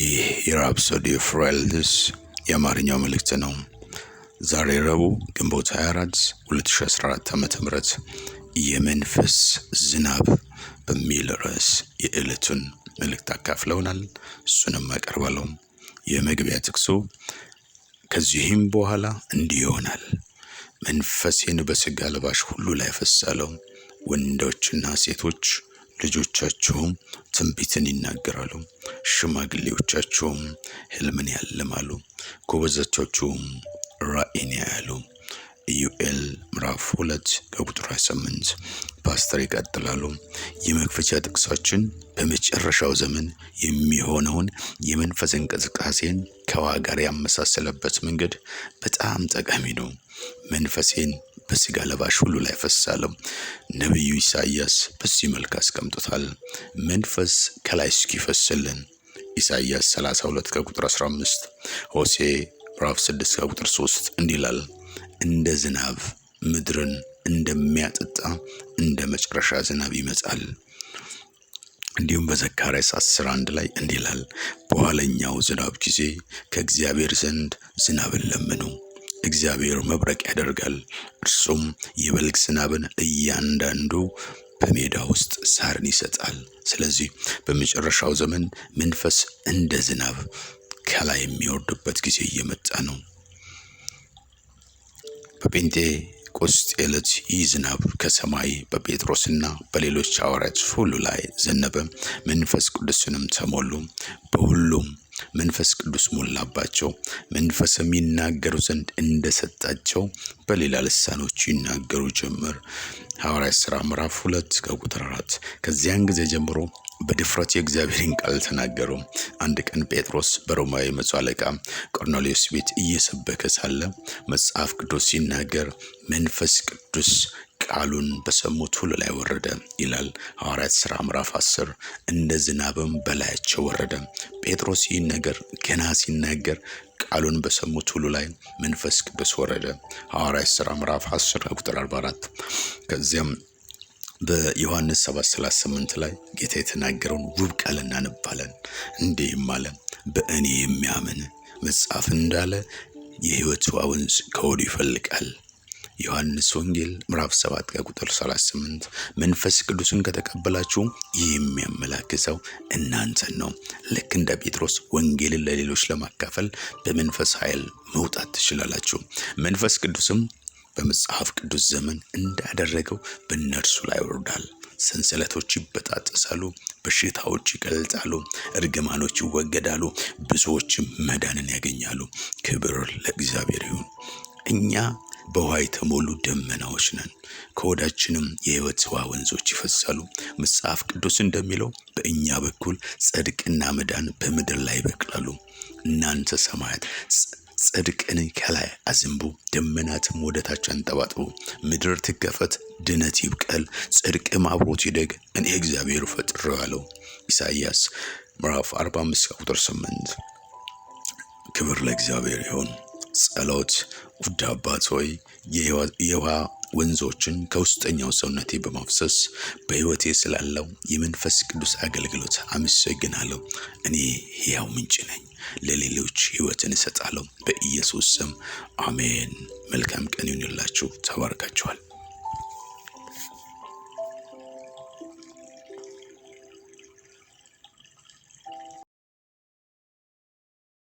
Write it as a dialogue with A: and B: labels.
A: ይህ የራፕሶዲ ኦፍ ሮያልቲስ የአማርኛው መልእክት ነው። ዛሬ ረቡዕ ግንቦት 24 2014 ዓ ም የመንፈስ ዝናብ በሚል ርዕስ የዕለቱን መልእክት አካፍለውናል። እሱንም አቀርባለሁ። የመግቢያ ጥቅሱ ከዚህም በኋላ እንዲህ ይሆናል፣ መንፈሴን በስጋ ለባሽ ሁሉ ላይ ፈሳለው፣ ወንዶችና ሴቶች ልጆቻቸውም ትንቢትን ይናገራሉ፣ ሽማግሌዎቻቸውም ህልምን ያልማሉ፣ ጎበዛቻቸውም ራእይን ያያሉ። ኢዩኤል ምዕራፍ ሁለት ከቁጥር 28 ፓስተር ይቀጥላሉ። የመክፈቻ ጥቅሳችን በመጨረሻው ዘመን የሚሆነውን የመንፈስ እንቅስቃሴን ከዋ ጋር ያመሳሰለበት መንገድ በጣም ጠቃሚ ነው። መንፈሴን በስጋ ለባሽ ሁሉ ላይ ፈሳለሁ። ነቢዩ ኢሳይያስ በዚህ መልክ አስቀምጦታል። መንፈስ ከላይ እስኪፈስልን ኢሳይያስ 32 ከቁጥር 15፣ ሆሴ ምዕራፍ 6 ከቁጥር 3 እንዲህ ይላል እንደ ዝናብ ምድርን እንደሚያጠጣ እንደ መጨረሻ ዝናብ ይመጣል። እንዲሁም በዘካርያስ 11 ላይ እንዲህ ይላል በኋለኛው ዝናብ ጊዜ ከእግዚአብሔር ዘንድ ዝናብን ለምኑ እግዚአብሔር መብረቅ ያደርጋል፣ እርሱም የበልግ ዝናብን እያንዳንዱ በሜዳ ውስጥ ሳርን ይሰጣል። ስለዚህ በመጨረሻው ዘመን መንፈስ እንደ ዝናብ ከላይ የሚወርድበት ጊዜ እየመጣ ነው። በጴንጤ ቁስጥ ዕለት ይህ ዝናብ ከሰማይ በጴጥሮስና በሌሎች ሐዋርያት ሁሉ ላይ ዘነበ። መንፈስ ቅዱስንም ተሞሉ በሁሉም መንፈስ ቅዱስ ሞላባቸው፣ መንፈስም ይናገሩ ዘንድ እንደሰጣቸው በሌላ ልሳኖች ይናገሩ ጀመር። ሐዋርያ ሥራ ምዕራፍ ሁለት ከቁጥር አራት ከዚያን ጊዜ ጀምሮ በድፍረት የእግዚአብሔርን ቃል ተናገሩ። አንድ ቀን ጴጥሮስ በሮማዊ መቶ አለቃ ቆርኔሌዎስ ቤት እየሰበከ ሳለ መጽሐፍ ቅዱስ ሲናገር መንፈስ ቅዱስ ቃሉን በሰሙት ሁሉ ላይ ወረደ ይላል ሐዋርያት ሥራ ምዕራፍ 10 እንደ ዝናብም በላያቸው ወረደ። ጴጥሮስ ይህን ነገር ገና ሲናገር ቃሉን በሰሙት ሁሉ ላይ መንፈስ ቅዱስ ወረደ። ሐዋርያት ሥራ ምዕራፍ 10 ቁጥር 44 ከዚያም በዮሐንስ 7:38 ላይ ጌታ የተናገረውን ውብ ቃል እናነባለን። እንዲህም አለ በእኔ የሚያምን መጽሐፍ እንዳለ የሕይወት ውኃ ወንዝ ከሆዱ ይፈልቃል። ዮሐንስ ወንጌል ምዕራፍ 7 ቁጥር 38። መንፈስ ቅዱስን ከተቀበላችሁ ይህ የሚያመላክተው እናንተን ነው። ልክ እንደ ጴጥሮስ ወንጌልን ለሌሎች ለማካፈል በመንፈስ ኃይል መውጣት ትችላላችሁ። መንፈስ ቅዱስም በመጽሐፍ ቅዱስ ዘመን እንዳደረገው በእነርሱ ላይ ይወርዳል። ሰንሰለቶች ይበጣጠሳሉ፣ በሽታዎች ይቀልጣሉ፣ እርግማኖች ይወገዳሉ፣ ብዙዎችም መዳንን ያገኛሉ። ክብር ለእግዚአብሔር ይሁን። እኛ በውሃ የተሞሉ ደመናዎች ነን፣ ከወዳችንም የህይወት ውሃ ወንዞች ይፈሳሉ። መጽሐፍ ቅዱስ እንደሚለው በእኛ በኩል ጽድቅና መዳን በምድር ላይ ይበቅላሉ። እናንተ ሰማያት ጽድቅን ከላይ አዝንቡ ደመናትም ወደታች አንጠባጥቡ ምድር ትከፈት፣ ድነት ይብቀል፣ ጽድቅም አብሮት ይደግ፣ እኔ እግዚአብሔር ፈጥሬዋለሁ። ኢሳይያስ ምዕራፍ 45 ቁጥር 8። ክብር ለእግዚአብሔር ይሁን። ጸሎት ውድ አባት ሆይ የውሃ ወንዞችን ከውስጠኛው ሰውነቴ በማፍሰስ በሕይወቴ ስላለው የመንፈስ ቅዱስ አገልግሎት አመሰግናለሁ። እኔ ሕያው ምንጭ ነኝ። ለሌሎች ህይወትን እሰጣለሁ። በኢየሱስ ስም አሜን። መልካም ቀን ይሁንላችሁ። ተባርካችኋል።